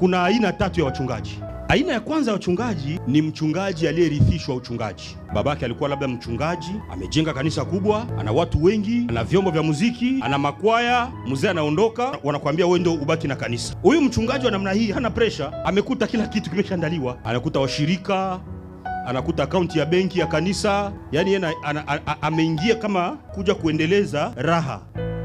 kuna aina tatu ya wachungaji. Aina ya kwanza ya wachungaji ni mchungaji aliyerithishwa uchungaji. Babake alikuwa labda mchungaji, amejenga kanisa kubwa, ana watu wengi, ana vyombo vya muziki, ana makwaya. Mzee anaondoka, wanakuambia wewe ndio ubaki na kanisa. Huyu mchungaji wa namna hii hana presha, amekuta kila kitu kimeshaandaliwa, anakuta washirika anakuta akaunti ya benki ya kanisa, yani yeye ameingia kama kuja kuendeleza raha.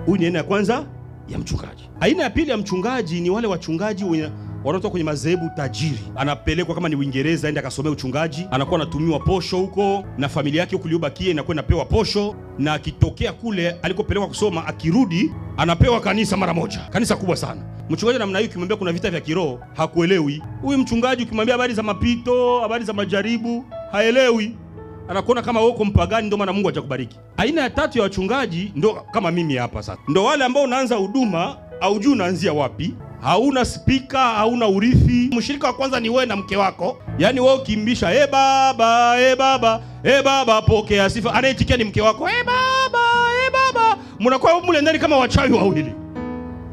Huyu ni aina ya kwanza ya mchungaji. Aina ya pili ya mchungaji ni wale wachungaji wenye watoto kwenye madhehebu tajiri, anapelekwa kama ni Uingereza aende akasomea uchungaji, anakuwa anatumiwa posho huko na familia yake huku iliyobakia inakuwa inapewa posho, na akitokea kule alikopelekwa kusoma, akirudi anapewa kanisa mara moja, kanisa kubwa sana. Mchungaji namna hiyo, ukimwambia kuna vita vya kiroho hakuelewi. Huyu mchungaji ukimwambia habari za mapito, habari za majaribu, haelewi anakuona kama wako mpagani, ndio maana Mungu hajakubariki. Aina ya tatu ya wachungaji ndo kama mimi hapa sasa, ndo wale ambao unaanza huduma juu unaanzia wapi, hauna spika, hauna urithi. Mshirika wa kwanza ni wewe na mke wako, yaani wewe ukimbisha, e baba, e baba, e baba, pokea sifa, anaitikia ni mke wako, e baba, e baba, mnakuwa mle ndani kama wachawi wawili.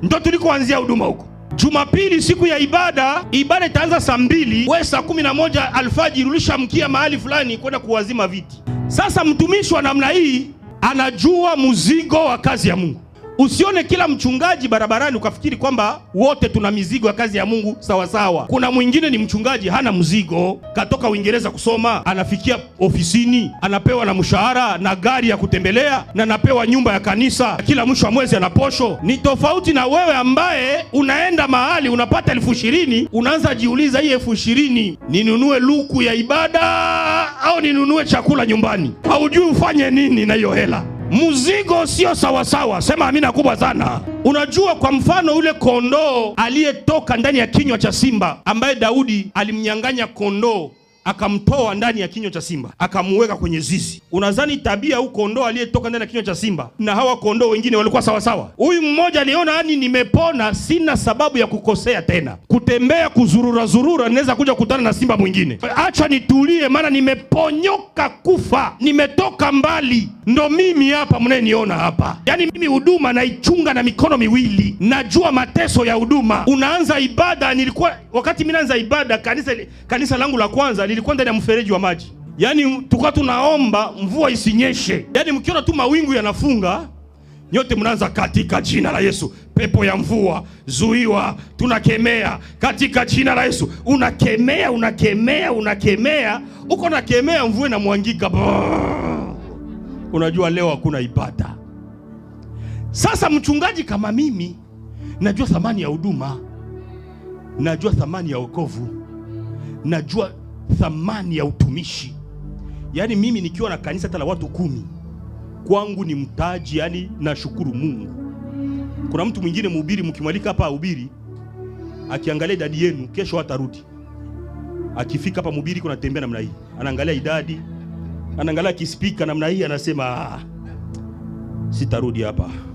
Ndio tulikoanzia huduma huko. Jumapili siku ya ibada, ibada itaanza saa mbili. Wewe saa kumi na moja alfajiri ulishamkia mahali fulani kwenda kuwazima viti. Sasa mtumishi wa namna hii anajua mzigo wa kazi ya Mungu. Usione kila mchungaji barabarani ukafikiri kwamba wote tuna mizigo ya kazi ya Mungu sawa sawa. Kuna mwingine ni mchungaji hana mzigo, katoka Uingereza kusoma, anafikia ofisini, anapewa na mshahara na gari ya kutembelea na anapewa nyumba ya kanisa, kila mwisho wa mwezi posho Ni tofauti na wewe ambaye unaenda mahali unapata elfu ishirini unaanza jiuliza, hii elfu ishirini ninunue luku ya ibada au ninunue chakula nyumbani? Haujui ufanye nini na hiyo hela mzigo sio sawasawa. Sema amina kubwa sana. Unajua, kwa mfano yule kondoo aliyetoka ndani ya kinywa cha simba ambaye Daudi alimnyang'anya kondoo akamtoa ndani ya kinywa cha simba akamuweka kwenye zizi. Unadhani tabia huyu kondoo aliyetoka ndani ya kinywa cha simba na hawa kondoo wengine walikuwa sawasawa? Huyu mmoja aliona, yani nimepona, sina sababu ya kukosea tena, kutembea kuzurura zurura, ninaweza kuja kukutana na simba mwingine, acha nitulie, maana nimeponyoka kufa, nimetoka mbali, ndo mimi hapa mnayeniona hapa. Yani mimi huduma naichunga na mikono miwili, najua mateso ya huduma. Unaanza ibada, nilikuwa wakati mimi naanza ibada kanisa, kanisa langu la kwanza lilikuwa ndani ya mfereji wa maji, yaani tulikuwa tunaomba mvua isinyeshe, yaani mkiona tu mawingu yanafunga nyote mnaanza katika jina la Yesu, pepo ya mvua zuiwa, tunakemea katika jina la Yesu. Unakemea, unakemea, unakemea, uko nakemea, mvua inamwangika. Unajua leo hakuna ibada. Sasa mchungaji kama mimi, najua thamani ya huduma, najua thamani ya wokovu, najua thamani ya utumishi. Yaani mimi nikiwa na kanisa hata la watu kumi kwangu ni mtaji, yani nashukuru Mungu. Kuna mtu mwingine mhubiri, mkimwalika hapa ahubiri, akiangalia idadi yenu, kesho atarudi Akifika hapa mhubiri kuna tembea namna hii, anaangalia idadi, anaangalia kispika namna hii, anasema ah, sitarudi hapa.